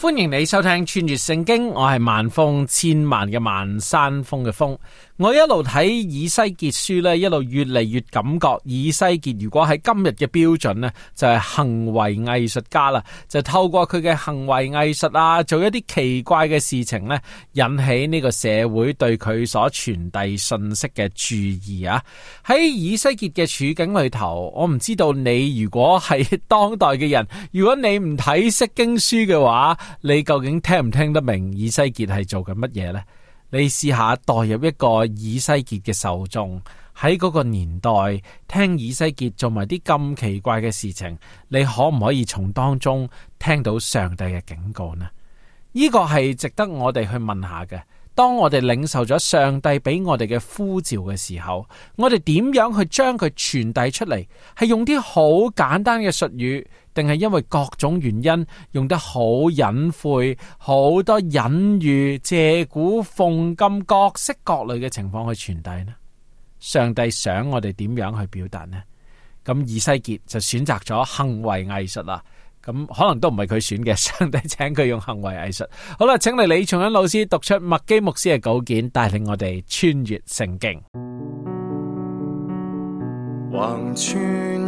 歡迎你收聽穿越聖經，我係萬峰，千萬嘅萬，山峰嘅峰。風我一路睇以西結書呢，一路越嚟越感覺以西結如果喺今日嘅標準呢，就係行為藝術家啦，就透過佢嘅行為藝術啊，做一啲奇怪嘅事情呢，引起呢個社會對佢所傳遞信息嘅注意啊。喺以西結嘅處境裏頭，我唔知道你如果係當代嘅人，如果你唔睇釋經書嘅話，你究竟聽唔聽得明以西結係做緊乜嘢呢？你試下代入一個以西結嘅受眾喺嗰個年代聽以西結做埋啲咁奇怪嘅事情，你可唔可以從當中聽到上帝嘅警告呢？呢個係值得我哋去問下嘅。當我哋領受咗上帝俾我哋嘅呼召嘅時候，我哋點樣去將佢傳遞出嚟？係用啲好簡單嘅術語。定係因為各種原因用得好隱晦，好多隱喻、借古諷今、各式各類嘅情況去傳遞呢？上帝想我哋點樣去表達呢？咁以西結就選擇咗行為藝術啦。咁可能都唔係佢選嘅，上帝請佢用行為藝術。好啦，請嚟，李松恩老師讀出麥基牧師嘅稿件，帶領我哋穿越聖經。橫穿。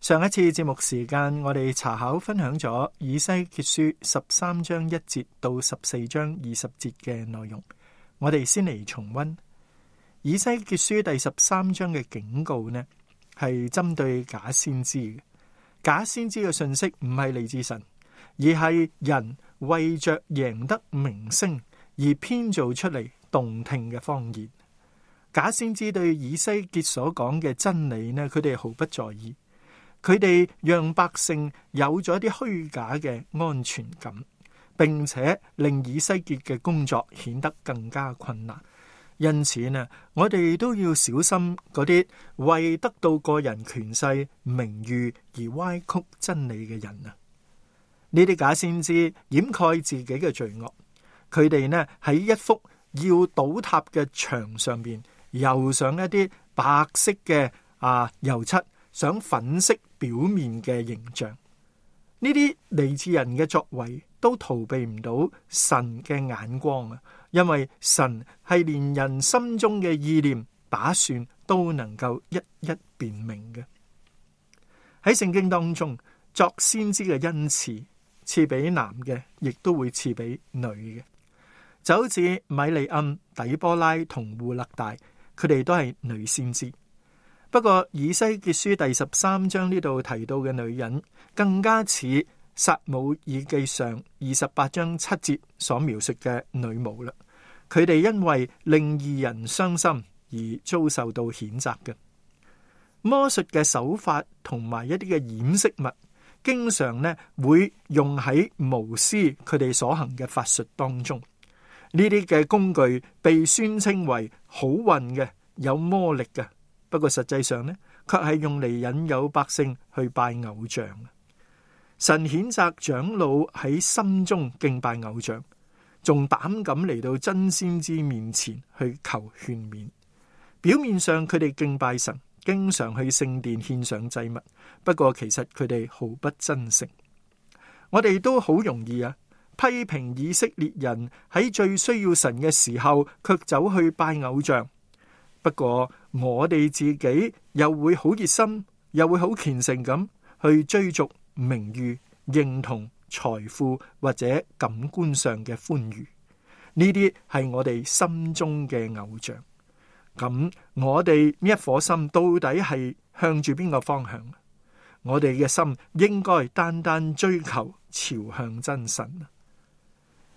上一次節目時間，我哋查考分享咗以西結書十三章一節到十四章二十節嘅內容。我哋先嚟重溫。以西結書第十三章嘅警告呢，係針對假先知嘅。假先知嘅信息唔係嚟自神，而係人為着贏得名聲而編造出嚟動聽嘅謊言。假先知對以西結所講嘅真理呢，佢哋毫不在意。佢哋讓百姓有咗啲虛假嘅安全感，並且令以西結嘅工作顯得更加困難。因此呢，我哋都要小心嗰啲為得到個人權勢、名譽而歪曲真理嘅人啊！呢啲假先知掩蓋自己嘅罪惡，佢哋呢，喺一幅要倒塌嘅牆上面，油上一啲白色嘅啊油漆，想粉飾。表面嘅形象，呢啲嚟自人嘅作為都逃避唔到神嘅眼光啊！因為神係連人心中嘅意念、打算都能夠一一辨明嘅。喺聖經當中，作先知嘅恩賜賜俾男嘅，亦都會賜俾女嘅，就好似米利暗、底波拉同胡勒大，佢哋都係女先知。不過，以西結書第十三章呢度提到嘅女人，更加似撒母耳記上二十八章七節所描述嘅女巫啦。佢哋因為令二人傷心而遭受到譴責嘅魔術嘅手法，同埋一啲嘅掩飾物，經常呢會用喺巫師佢哋所行嘅法術當中。呢啲嘅工具被宣稱為好運嘅，有魔力嘅。不過實際上呢，卻係用嚟引誘百姓去拜偶像。神譴責長老喺心中敬拜偶像，仲膽敢嚟到真先知面前去求勸勉。表面上佢哋敬拜神，經常去聖殿獻上祭物。不過其實佢哋毫不真誠。我哋都好容易啊，批評以色列人喺最需要神嘅時候，卻走去拜偶像。不過我哋自己又會好熱心，又會好虔誠咁去追逐名譽、認同、財富或者感官上嘅歡愉。呢啲係我哋心中嘅偶像。咁我哋呢一顆心到底係向住邊個方向？我哋嘅心應該單單追求朝向真神。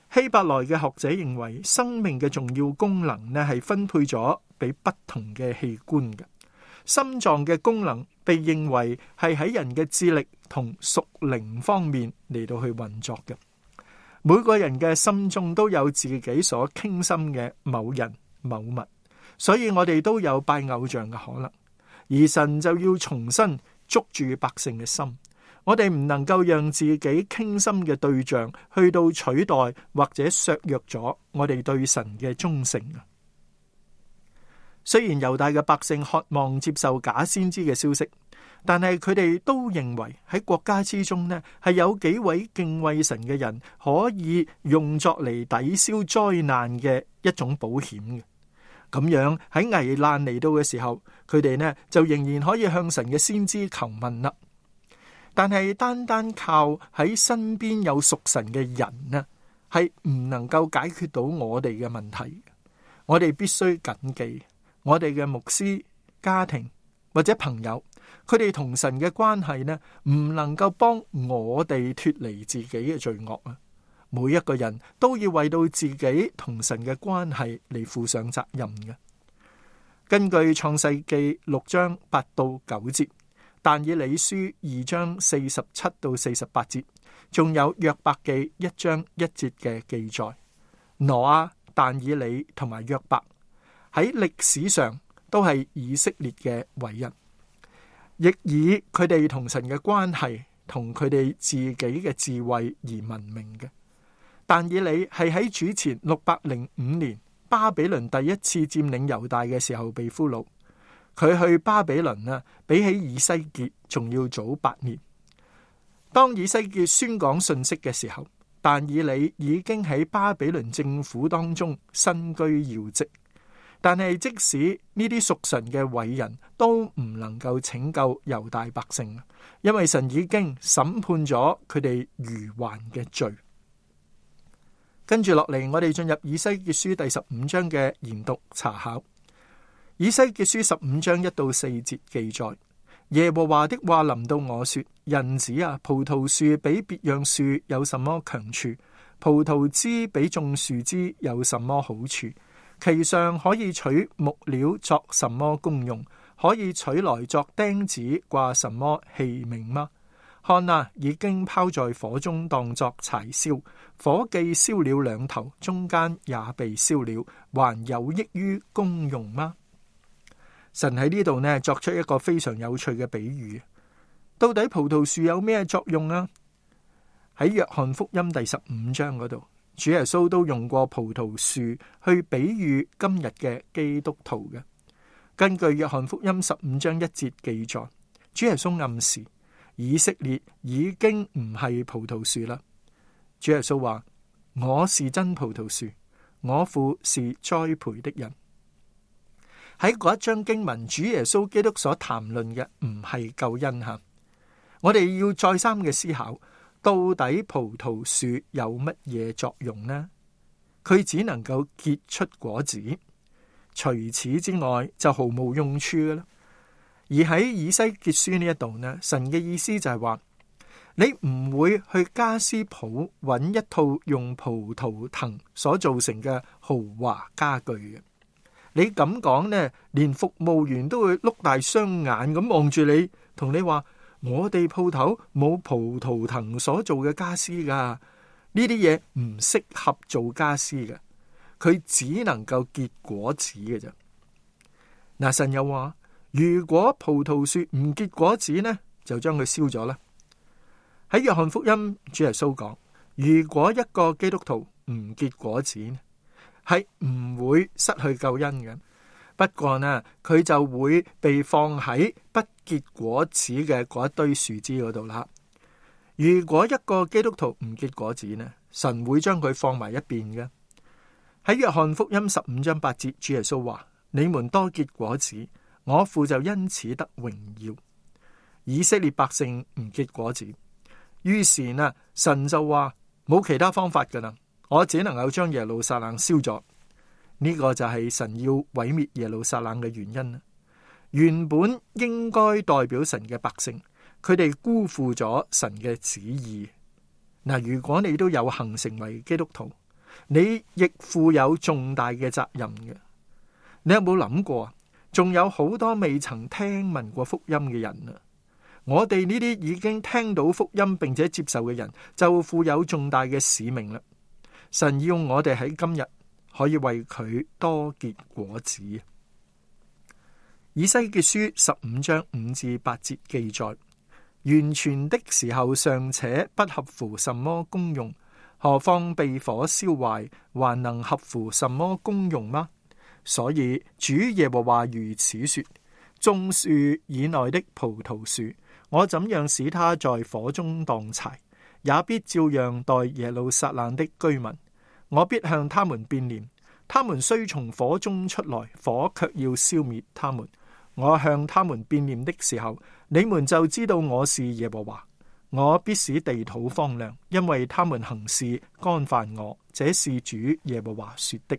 希伯來嘅學者認為，生命嘅重要功能呢係分配咗。俾不同嘅器官嘅心臟嘅功能，被認為係喺人嘅智力同屬靈方面嚟到去運作嘅。每個人嘅心中都有自己所傾心嘅某人某物，所以我哋都有拜偶像嘅可能。而神就要重新捉住百姓嘅心，我哋唔能夠讓自己傾心嘅對象去到取代或者削弱咗我哋對神嘅忠誠啊！雖然猶大嘅百姓渴望接受假先知嘅消息，但係佢哋都認為喺國家之中呢，係有幾位敬畏神嘅人，可以用作嚟抵消災難嘅一種保險嘅。咁樣喺危難嚟到嘅時候，佢哋呢就仍然可以向神嘅先知求問啦。但係單單靠喺身邊有屬神嘅人呢，係唔能夠解決到我哋嘅問題。我哋必須謹記。我哋嘅牧師、家庭或者朋友，佢哋同神嘅關係呢，唔能夠幫我哋脫離自己嘅罪惡啊！每一個人都要為到自己同神嘅關係嚟負上責任嘅。根據創世記六章八到九節，但以理書二章四十七到四十八節，仲有約伯記一章一節嘅記載，挪亞、但以理同埋約伯。喺歷史上都係以色列嘅偉人，亦以佢哋同神嘅關係同佢哋自己嘅智慧而聞名嘅。但以理係喺主前六百零五年巴比倫第一次佔領猶大嘅時候被俘虜。佢去巴比倫啊，比起以西結仲要早八年。當以西結宣講信息嘅時候，但以理已經喺巴比倫政府當中身居要職。但係，即使呢啲屬神嘅偉人都唔能夠拯救猶大百姓，因為神已經審判咗佢哋愚頑嘅罪。跟住落嚟，我哋進入以西結書第十五章嘅研讀查考。以西結書十五章一到四節記載：耶和華的話臨到我說，人子啊，葡萄樹比別樣樹有什麼強處？葡萄枝比眾樹枝有什麼好處？其上可以取木料作什麼功用？可以取來作釘子掛什麼器皿嗎？看啦，啊，已經拋在火中當作柴燒，火既燒了兩頭，中間也被燒了，還有益於功用嗎？神喺呢度呢，作出一個非常有趣嘅比喻，到底葡萄樹有咩作用啊？喺約翰福音第十五章嗰度。主耶穌都用過葡萄樹去比喻今日嘅基督徒嘅。根據約翰福音十五章一節記載，主耶穌暗示以色列已經唔係葡萄樹啦。主耶穌話：我是真葡萄樹，我父是栽培的人。喺嗰一章經文，主耶穌基督所談論嘅唔係救恩哈。我哋要再三嘅思考。到底葡萄樹有乜嘢作用呢？佢只能夠結出果子，除此之外就毫無用處嘅啦。而喺以西結書呢一度呢，神嘅意思就係話，你唔會去家私鋪揾一套用葡萄藤所造成嘅豪華家具嘅。你咁講呢，連服務員都會碌大雙眼咁望住你，同你話。我哋鋪頭冇葡萄藤所做嘅家私噶，呢啲嘢唔適合做家私嘅，佢只能夠結果子嘅啫。嗱，神又話：如果葡萄樹唔結果子呢，就將佢燒咗啦。喺約翰福音，主耶穌講：如果一個基督徒唔結果子，係唔會失去救恩嘅。不過呢，佢就會被放喺不結果子嘅嗰一堆樹枝嗰度啦。如果一個基督徒唔結果子呢，神會將佢放埋一邊嘅。喺約翰福音十五章八節，主耶穌話：你們多結果子，我父就因此得榮耀。以色列百姓唔結果子，於是呢，神就話冇其他方法㗎喇，我只能夠將耶路撒冷燒咗。呢個就係神要毀滅耶路撒冷嘅原因啦。原本應該代表神嘅百姓，佢哋辜負咗神嘅旨意。嗱，如果你都有幸成為基督徒，你亦負有重大嘅責任嘅。你有冇諗過啊？仲有好多未曾聽聞過福音嘅人啊！我哋呢啲已經聽到福音並且接受嘅人，就負有重大嘅使命啦。神要我哋喺今日。可以為佢多結果子。以西結書十五章五至八節記載：完全的時候尚且不合乎什麼功用，何況被火燒壞，還能合乎什麼功用嗎？所以主耶和華如此說：種樹以內的葡萄樹，我怎樣使它在火中當柴，也必照樣待耶路撒冷的居民。我必向他們變臉，他們雖從火中出來，火卻要消滅他們。我向他們變臉的時候，你們就知道我是耶和華。我必使地土荒涼，因為他們行事干犯我。這是主耶和華說的。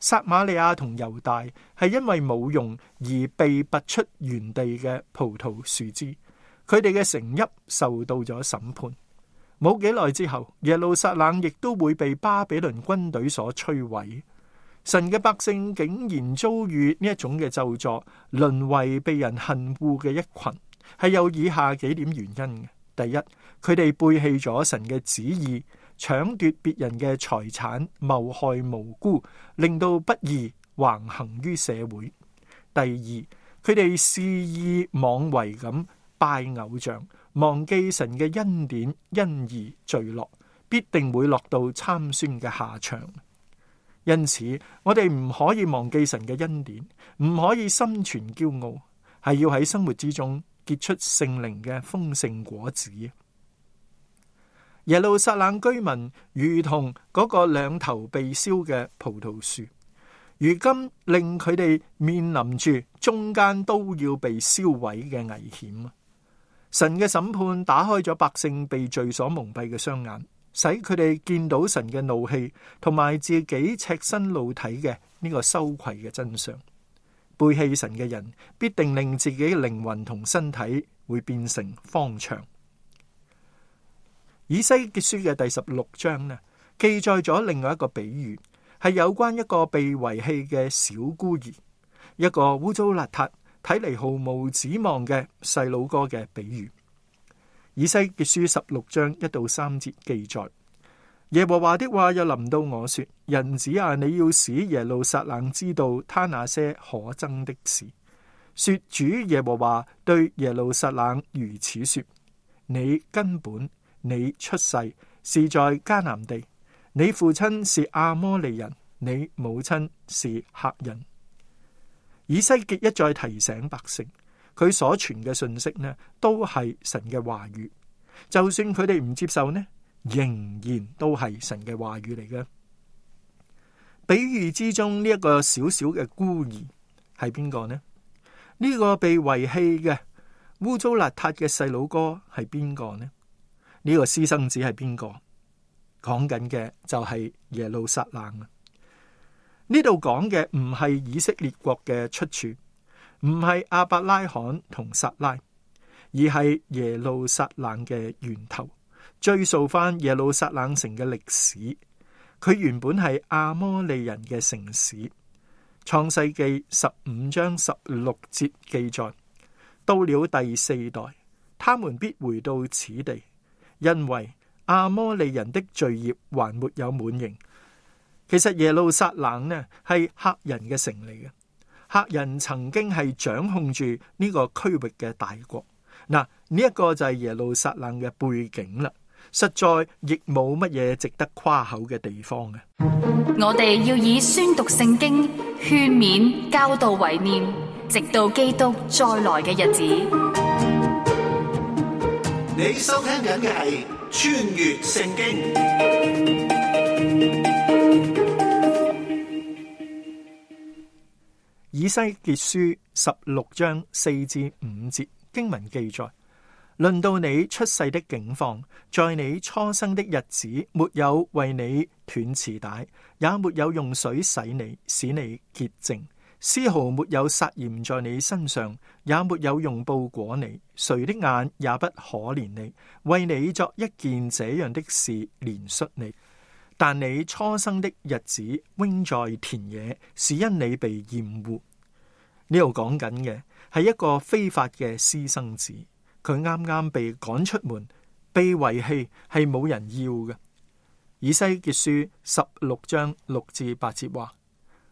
撒瑪利亞同猶大係因為冇用而被拔出原地嘅葡萄樹枝，佢哋嘅成邑受到咗審判。冇幾耐之後，耶路撒冷亦都會被巴比倫軍隊所摧毀。神嘅百姓竟然遭遇呢一種嘅咒詛，淪為被人恨惡嘅一群，係有以下幾點原因：第一，佢哋背棄咗神嘅旨意，搶奪別人嘅財產，謀害無辜，令到不義橫行於社會；第二，佢哋肆意妄為咁拜偶像。忘記神嘅恩典，因而墜落，必定會落到參孫嘅下場。因此，我哋唔可以忘記神嘅恩典，唔可以心存驕傲，係要喺生活之中結出聖靈嘅豐盛果子。耶路撒冷居民如同嗰個兩頭被燒嘅葡萄樹，如今令佢哋面臨住中間都要被燒毀嘅危險。神嘅審判打開咗百姓被罪所蒙蔽嘅雙眼，使佢哋見到神嘅怒氣，同埋自己赤身露體嘅呢個羞愧嘅真相。背棄神嘅人必定令自己靈魂同身體會變成荒場。以西結書嘅第十六章呢，記載咗另外一個比喻，係有關一個被遺棄嘅小孤兒，一個污糟邋遢。睇嚟毫無指望嘅細佬哥嘅比喻，以西結書十六章一到三節記載，耶和華的話又臨到我說：人子啊，你要使耶路撒冷知道他那些可憎的事。說主耶和華對耶路撒冷如此說：你根本你出世是在迦南地，你父親是阿摩利人，你母親是客人。以西結一再提醒百姓，佢所傳嘅信息呢，都係神嘅話語。就算佢哋唔接受呢，仍然都係神嘅話語嚟嘅。比喻之中呢一個小小嘅孤兒係邊個呢？呢個被遺棄嘅污糟邋遢嘅細佬哥係邊個呢？呢個私生子係邊個？講緊嘅就係耶路撒冷。呢度講嘅唔係以色列國嘅出處，唔係亞伯拉罕同撒拉，而係耶路撒冷嘅源頭。追溯翻耶路撒冷城嘅歷史，佢原本係亞摩利人嘅城市。創世記十五章十六節記載：「到了第四代，他們必回到此地，因為亞摩利人的罪孽還沒有滿盈。其實耶路撒冷，呢係赫人嘅城嚟嘅，赫人曾經係掌控住呢個區域嘅大國。嗱，呢、這、一個就係耶路撒冷嘅背景啦，實在亦冇乜嘢值得誇口嘅地方嘅。我哋要以宣讀聖經、勸勉、教導為念，直到基督再來嘅日子。你收聽緊嘅係穿越聖經。以西結書十六章四至五節經文記載：論到你出世的境況，在你初生的日子，沒有為你斷臍帶，也沒有用水洗你，使你潔淨，絲毫沒有撒鹽在你身上，也沒有用布裹你，誰的眼也不可憐你，為你作一件這樣的事，憐恤你。但你初生的日子扔在田野，是因你被厭惡。呢度講緊嘅係一個非法嘅私生子，佢啱啱被趕出門，被遺棄，係冇人要嘅。以西結書十六章六至八節話：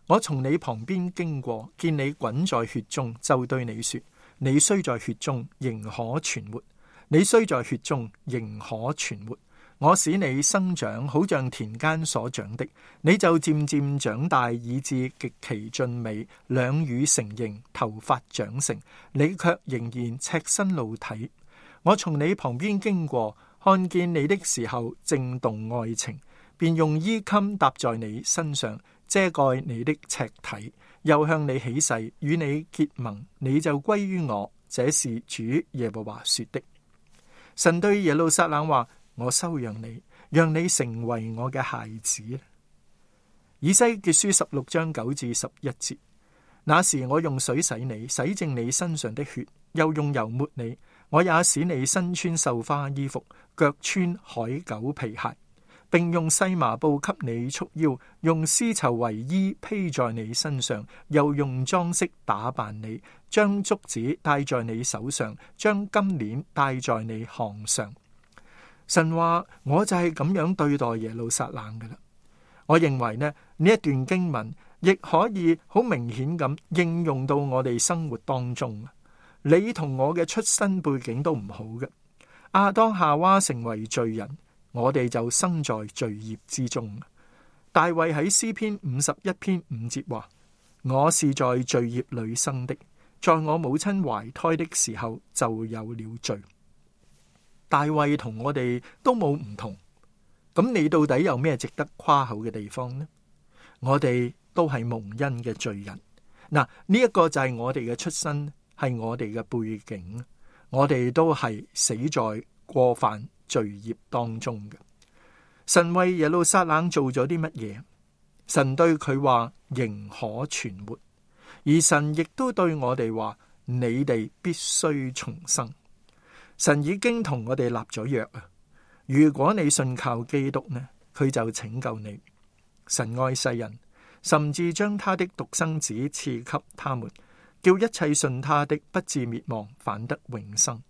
我從你旁邊經過，見你滾在血中，就對你說：你雖在血中仍可存活，你雖在血中仍可存活。我使你生長，好像田間所長的，你就漸漸長大，以至極其俊美，兩乳成形，頭髮長成，你卻仍然赤身露體。我從你旁邊經過，看見你的時候，正動愛情，便用衣襟搭在你身上遮蓋你的赤體，又向你起誓，與你結盟，你就歸於我。這是主耶和華說的。神對耶路撒冷話。我收養你，讓你成為我嘅孩子。以西結書十六章九至十一節，那時我用水洗你，洗淨你身上的血，又用油抹你。我也使你身穿繡花衣服，腳穿海狗皮鞋，並用細麻布給你束腰，用絲綢為衣披在你身上，又用裝飾打扮你，將鐲子戴在你手上，將金鏈戴在你項上。神話我就係咁樣對待耶路撒冷噶啦。我認為呢，呢一段經文亦可以好明顯咁應用到我哋生活當中。你同我嘅出身背景都唔好嘅。亞當夏娃成為罪人，我哋就生在罪孽之中。大衛喺詩篇五十一篇五節話：我是在罪孽裏生的，在我母親懷胎的時候就有了罪。大衛同我哋都冇唔同，咁你到底有咩值得誇口嘅地方呢？我哋都係蒙恩嘅罪人，嗱，呢一個就係我哋嘅出身，係我哋嘅背景，我哋都係死在過犯罪孽當中嘅。神為耶路撒冷做咗啲乜嘢？神對佢話仍可存活，而神亦都對我哋話：你哋必須重生。神已經同我哋立咗約啊！如果你信靠基督呢，佢就拯救你。神愛世人，甚至將他的獨生子賜給他們，叫一切信他的不致滅亡，反得永生。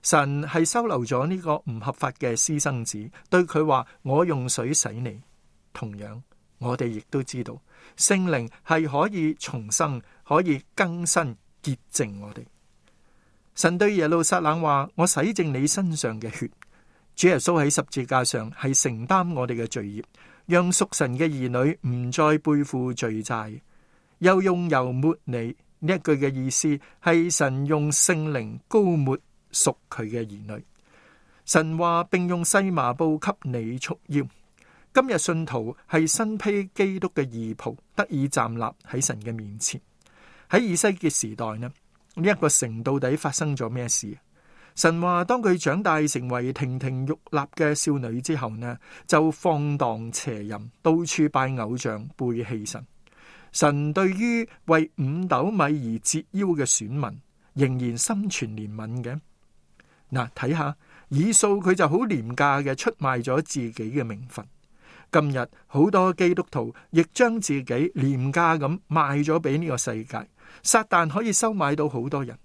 神係收留咗呢個唔合法嘅私生子，對佢話：我用水洗你。同樣，我哋亦都知道聖靈係可以重生，可以更新潔淨我哋。神對耶路撒冷話：我洗淨你身上嘅血。主耶穌喺十字架上係承擔我哋嘅罪孽，讓屬神嘅兒女唔再背負罪債。又用油抹你，呢一句嘅意思係神用聖靈膏抹屬佢嘅兒女。神話並用細麻布給你束腰。今日信徒係身披基督嘅義袍，得以站立喺神嘅面前。喺以西結嘅時代呢？呢一個城到底發生咗咩事？神話當佢長大成為亭亭玉立嘅少女之後呢，就放蕩邪淫，到處拜偶像、背棄神。神對於為五斗米而折腰嘅選民，仍然心存憐憫嘅。嗱，睇下以掃佢就好廉價嘅出賣咗自己嘅名分。今日好多基督徒亦將自己廉價咁賣咗俾呢個世界。撒旦可以收買到好多人，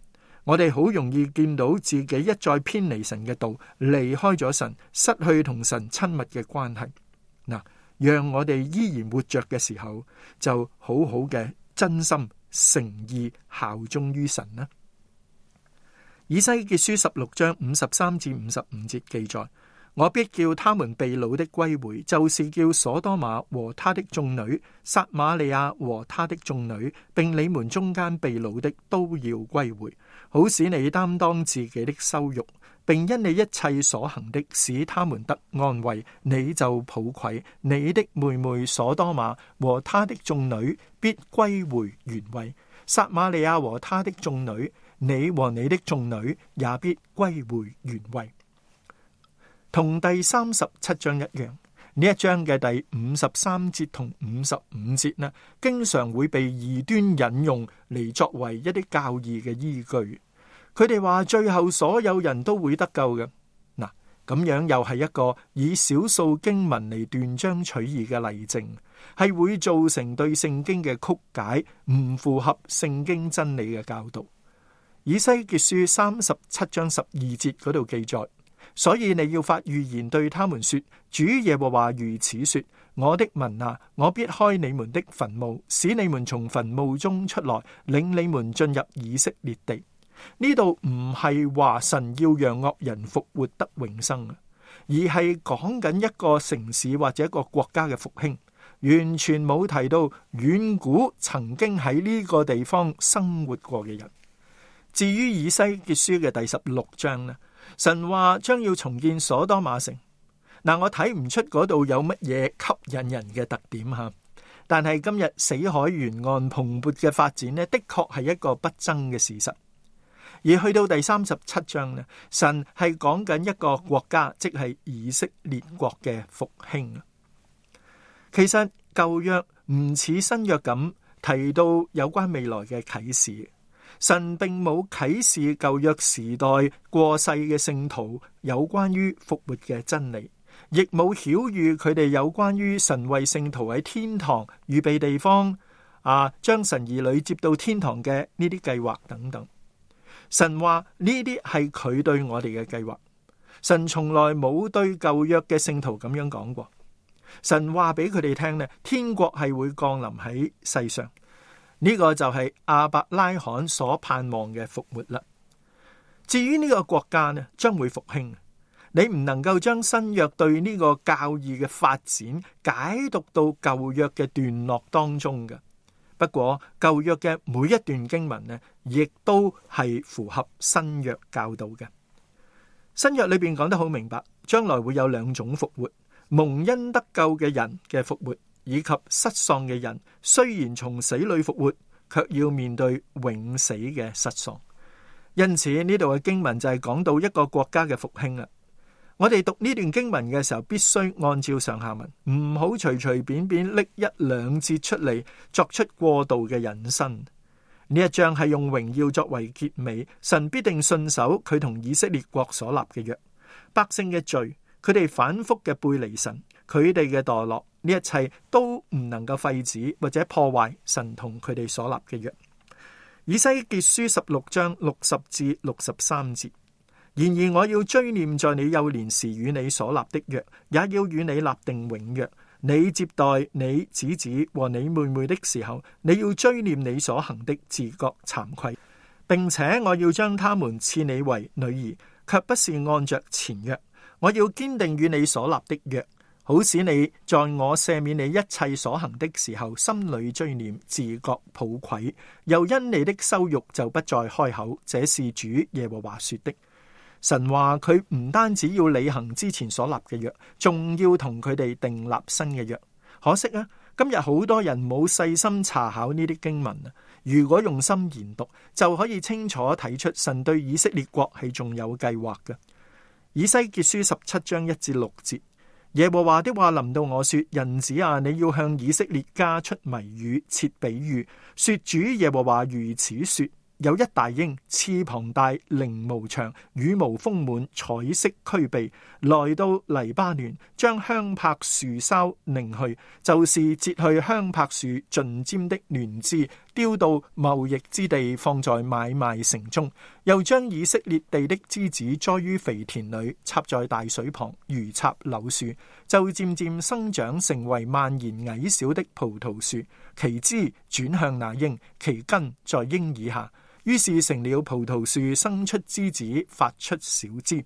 我哋好容易見到自己一再偏離神嘅道，離開咗神，失去同神親密嘅關係。嗱，讓我哋依然活着嘅時候，就好好嘅真心誠意效忠於神啦，啊。以西結書十六章五十三至五十五節記載。我必叫他們被擄的歸回，就是叫所多瑪和她的眾女、撒瑪利亞和她的眾女，並你們中間被擄的都要歸回，好使你擔當自己的羞辱，並因你一切所行的，使他們得安慰。你就抱愧，你的妹妹所多瑪和她的眾女必歸回原位，撒瑪利亞和她的眾女，你和你的眾女也必歸回原位。同第三十七章一樣，呢一章嘅第五十三節同五十五節呢，經常會被異端引用嚟，作為一啲教義嘅依據。佢哋話最後所有人都會得救嘅，嗱咁樣又係一個以少數經文嚟斷章取義嘅例證，係會造成對聖經嘅曲解，唔符合聖經真理嘅教導。以西結書三十七章十二節嗰度記載。所以你要發預言對他們說：主耶和華如此說，我的民啊，我必開你們的墳墓，使你們從墳墓中出來，領你們進入以色列地。呢度唔係話神要讓惡人復活得永生，而係講緊一個城市或者一個國家嘅復興，完全冇提到遠古曾經喺呢個地方生活過嘅人。至於以西結書嘅第十六章呢？神話將要重建所多瑪城，嗱，我睇唔出嗰度有乜嘢吸引人嘅特點吓，但係今日死海沿岸蓬勃嘅發展呢，的確係一個不爭嘅事實。而去到第三十七章咧，神係講緊一個國家，即係以色列國嘅復興。其實舊約唔似新約咁提到有關未來嘅啟示。神並冇啟示舊約時代過世嘅聖徒有關於復活嘅真理，亦冇曉諭佢哋有關於神為聖徒喺天堂預備地方，啊，將神兒女接到天堂嘅呢啲計劃等等。神話呢啲係佢對我哋嘅計劃，神從來冇對舊約嘅聖徒咁樣講過。神話俾佢哋聽呢，天國係會降臨喺世上。呢個就係亞伯拉罕所盼望嘅復活啦。至於呢個國家呢，將會復興。你唔能夠將新約對呢個教義嘅發展解讀到舊約嘅段落當中嘅。不過舊約嘅每一段經文呢，亦都係符合新約教導嘅。新約裏邊講得好明白，將來會有兩種復活：蒙恩得救嘅人嘅復活。以及失喪嘅人，雖然從死裏復活，卻要面對永死嘅失喪。因此呢度嘅經文就係講到一個國家嘅復興啦。我哋讀呢段經文嘅時候，必須按照上下文，唔好隨隨便便拎一兩節出嚟，作出過度嘅引申。呢一章係用榮耀作為結尾，神必定信守佢同以色列國所立嘅約，百姓嘅罪，佢哋反復嘅背離神。佢哋嘅墮落，呢一切都唔能夠廢止或者破壞神同佢哋所立嘅約。以西結書十六章六十至六十三節。然而，我要追念在你幼年時與你所立的約，也要與你立定永約。你接待你姊姊和你妹妹的時候，你要追念你所行的，自覺慚愧，並且我要將他們賜你為女兒，卻不是按着前約。我要堅定與你所立的約。好使你在我赦免你一切所行的時候，心裏追念，自覺抱愧。又因你的羞辱，就不再開口。這是主耶和華說的。神話佢唔單止要履行之前所立嘅約，仲要同佢哋訂立新嘅約。可惜啊，今日好多人冇細心查考呢啲經文啊。如果用心研讀，就可以清楚睇出神對以色列國係仲有計劃嘅。以西結書十七章一至六節。耶和華的話臨到我說：人子啊，你要向以色列家出謎語、設比喻，說主耶和華如此說：有一大鷹，翅膀大，翎毛長，羽毛豐滿，彩色俱備。來到黎巴嫩，將香柏樹梢擰去，就是折去香柏樹盡尖的嫩枝，丟到貿易之地，放在買賣城中。又將以色列地的枝子栽於肥田裏，插在大水旁，如插柳樹，就漸漸生長，成為蔓延矮小的葡萄樹。其枝轉向那鷹，其根在鷹以下，於是成了葡萄樹生出枝子，發出小枝。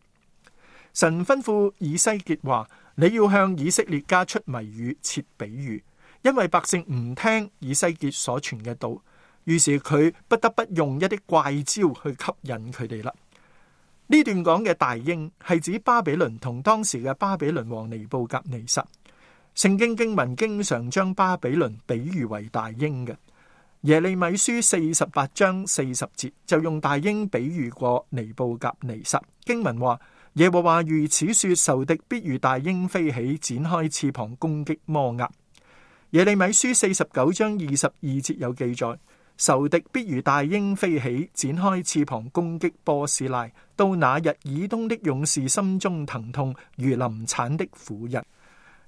神吩咐以西結話：你要向以色列家出謎語、設比喻，因為百姓唔聽以西結所傳嘅道。於是佢不得不用一啲怪招去吸引佢哋啦。呢段講嘅大鷹係指巴比倫同當時嘅巴比倫王尼布甲尼撒。聖經經文經常將巴比倫比喻為大鷹嘅。耶利米書四十八章四十節就用大鷹比喻過尼布甲尼撒。經文話。耶和華如此說：仇敵必如大鷹飛起，展開翅膀攻擊摩押。耶利米書四十九章二十二節有記載：仇敵必如大鷹飛起，展開翅膀攻擊波斯拉。到那日，以東的勇士心中疼痛，如臨產的婦人。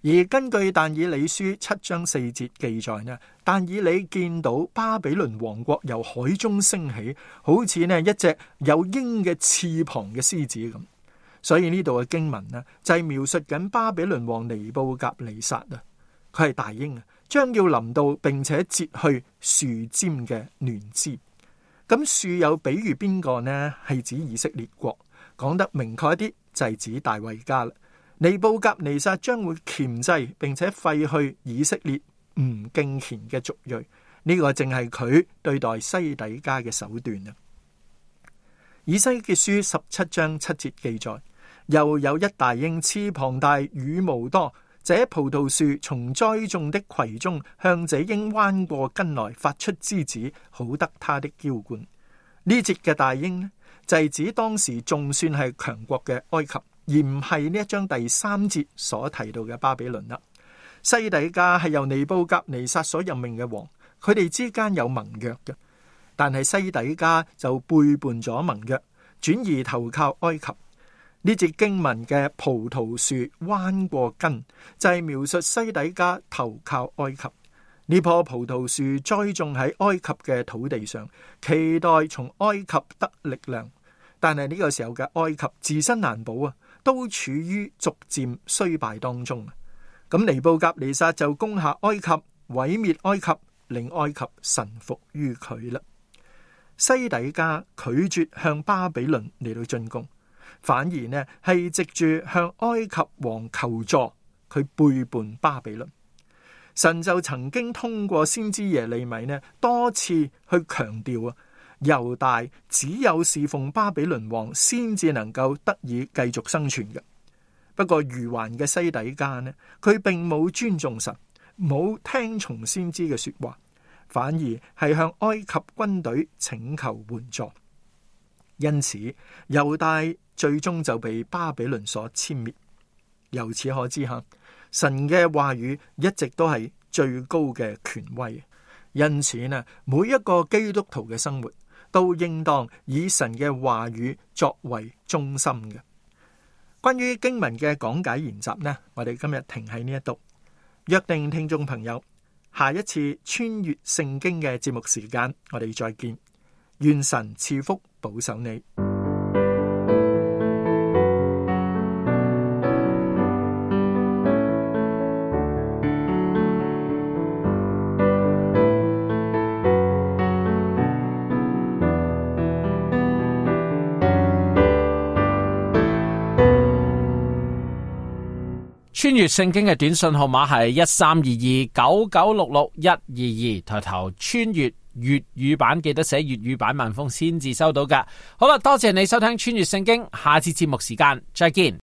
而根據但以理書七章四節記載呢，但以理見到巴比倫王國由海中升起，好似呢一隻有鷹嘅翅膀嘅獅子咁。所以呢度嘅經文呢，就係描述緊巴比倫王尼布甲尼撒啊，佢係大鷹啊，將要臨到並且折去樹尖嘅嫩枝。咁樹有比喻邊個呢？係指以色列國，講得明確一啲，就係、是、指大衛家啦。尼布甲尼撒將會鉗制並且廢去以色列唔敬虔嘅族裔，呢、這個正係佢對待西底家嘅手段啊。以西結書十七章七節記載。又有一大鷹翅膀大，羽毛多。這葡萄樹從栽種的葵中向這鷹彎過根來，發出枝子，好得他的澆灌。呢節嘅大鷹呢，就係指當時仲算係強國嘅埃及，而唔係呢一章第三節所提到嘅巴比倫啦。西底家係由尼布甲尼撒所任命嘅王，佢哋之間有盟約嘅，但係西底家就背叛咗盟約，轉而投靠埃及。呢節經文嘅葡萄樹彎過根，就係、是、描述西底家投靠埃及。呢棵葡萄樹，樹栽種喺埃及嘅土地上，期待從埃及得力量。但係呢個時候嘅埃及自身難保啊，都處於逐漸衰敗當中。咁尼布甲尼撒就攻下埃及，毀滅埃及，令埃及臣服於佢啦。西底家拒絕向巴比倫嚟到進攻。反而呢，係藉住向埃及王求助，佢背叛巴比倫。神就曾經通過先知耶利米呢，多次去強調啊，猶大只有侍奉巴比倫王，先至能夠得以繼續生存嘅。不過，余環嘅西底家呢，佢並冇尊重神，冇聽從先知嘅說話，反而係向埃及軍隊請求援助。因此，猶大。最終就被巴比倫所殲滅。由此可知哈，神嘅話語一直都係最高嘅權威。因此呢，每一個基督徒嘅生活都應當以神嘅話語作為中心嘅。關於經文嘅講解研習呢，我哋今日停喺呢一度。約定聽眾朋友，下一次穿越聖經嘅節目時間，我哋再見。願神賜福保守你。穿越聖經嘅短信號碼係一三二二九九六六一二二，抬頭穿越粵語版，記得寫粵語版文風先至收到噶。好啦，多謝你收聽穿越聖經，下次節目時間再見。